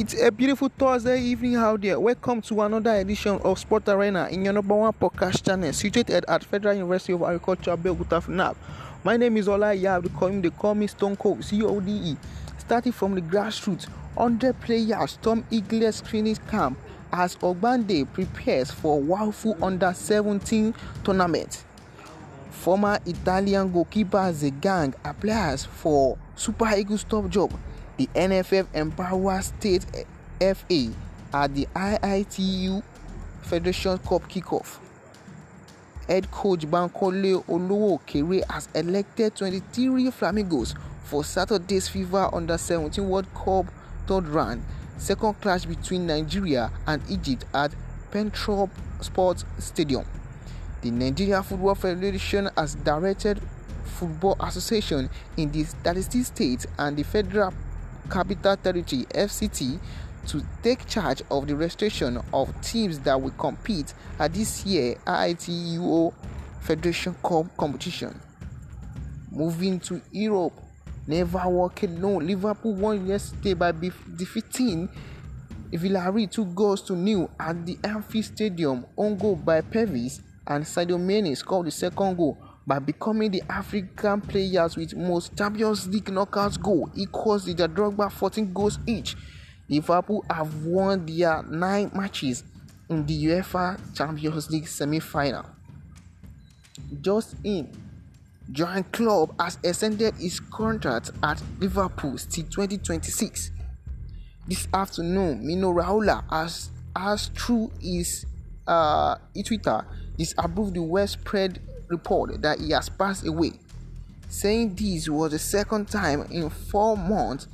It's a beautiful Thursday evening out there. Welcome to another edition of Sport Arena in your number one podcast channel, situated at Federal University of Agriculture, Belguta, FNAP. My name is Ola Yab, the call, they call me Stone Cold, c e. Starting from the grassroots, 100 players, Tom Eagles screening camp as Ogbande prepares for Wafu Under-17 tournament. Former Italian goalkeeper Zegang applies for Super Eagles top job. The NFF empowers State FA at the IITU Federation Cup kickoff. Head coach Bankole Olowo Kere has elected 23 Flamingos for Saturday's FIFA Under 17 World Cup third round, second clash between Nigeria and Egypt at Pentrop Sports Stadium. The Nigeria Football Federation has directed Football Association in the 36 states and the Federal Capital Territory (FCT) to take charge of the registration of teams that will compete at this year IITUO e Federation Cup competition. Moving to Europe, Never walk alone. Liverpool won yesterday by defeating Villarreal two goals to nil at the Anfield Stadium, on goal by Pervis and Sadio Mane scored the second goal by becoming the African players with most Champions League knockouts goal equals the Drogba 14 goals each. Liverpool have won their 9 matches in the UEFA Champions League semi-final. Just in, Johan club has extended his contract at Liverpool till 2026. This afternoon, Mino Raiola has, has through his uh, Twitter disapproved the widespread reported that he has passed away, saying this was the second time in four months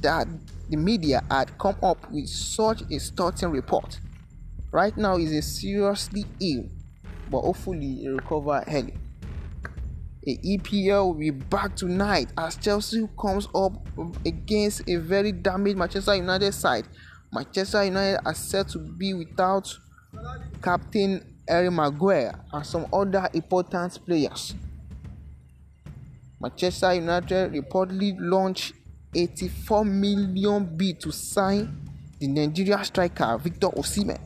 that the media had come up with such a startling report. Right now, he's seriously ill, but hopefully, he recover early. The EPL will be back tonight as Chelsea comes up against a very damaged Manchester United side. Manchester United are said to be without captain Harry Maguire and some other important players. Manchester United reportedly launched 84 million bid to sign the Nigerian striker Victor Osimhen.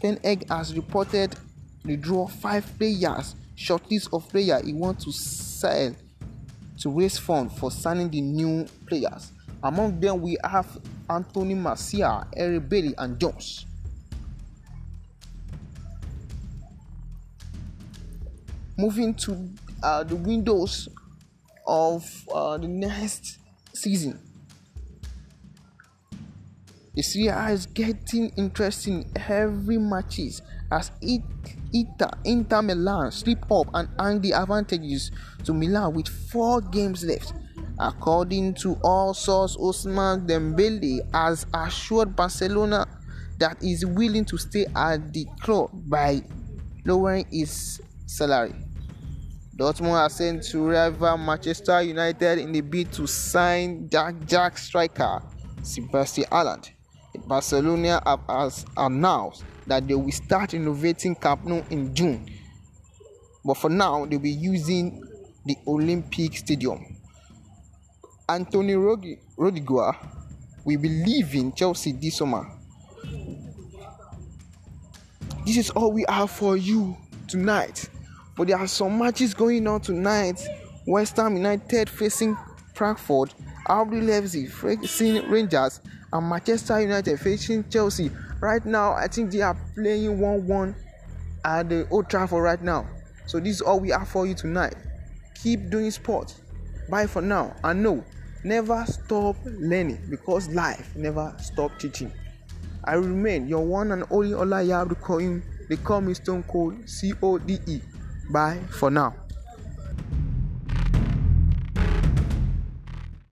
Ten Hag has reported the draw five players shortlist of players he wants to sell to raise funds for signing the new players. Among them we have Anthony Martial, Eric Bailey and Jones. moving to uh, the windows of uh, the next season. The Serie is getting interesting every matches as it Inter, Inter Milan slip up and hang the advantages to Milan with four games left. According to all sources, Osman Dembele has assured Barcelona that is willing to stay at the club by lowering his salary. Dortmund are sent to rival Manchester United in the bid to sign Jack Jack striker Sebastian Haaland. Barcelona have announced that they will start renovating Camp Nou in June, but for now they will be using the Olympic Stadium. Anthony Rodríguez Rodigua will be leaving Chelsea this summer. This is all we have for you tonight. But there are some matches going on tonight. West Ham United facing Frankfurt, RB Leipzig facing Rangers, and Manchester United facing Chelsea. Right now, I think they are playing 1 1 at the Old Trafford right now. So, this is all we have for you tonight. Keep doing sports. Bye for now. And no, never stop learning because life never stop teaching. I remain your one and only Ola Yabdu They the me Stone Cold, C O D E. Bye for now.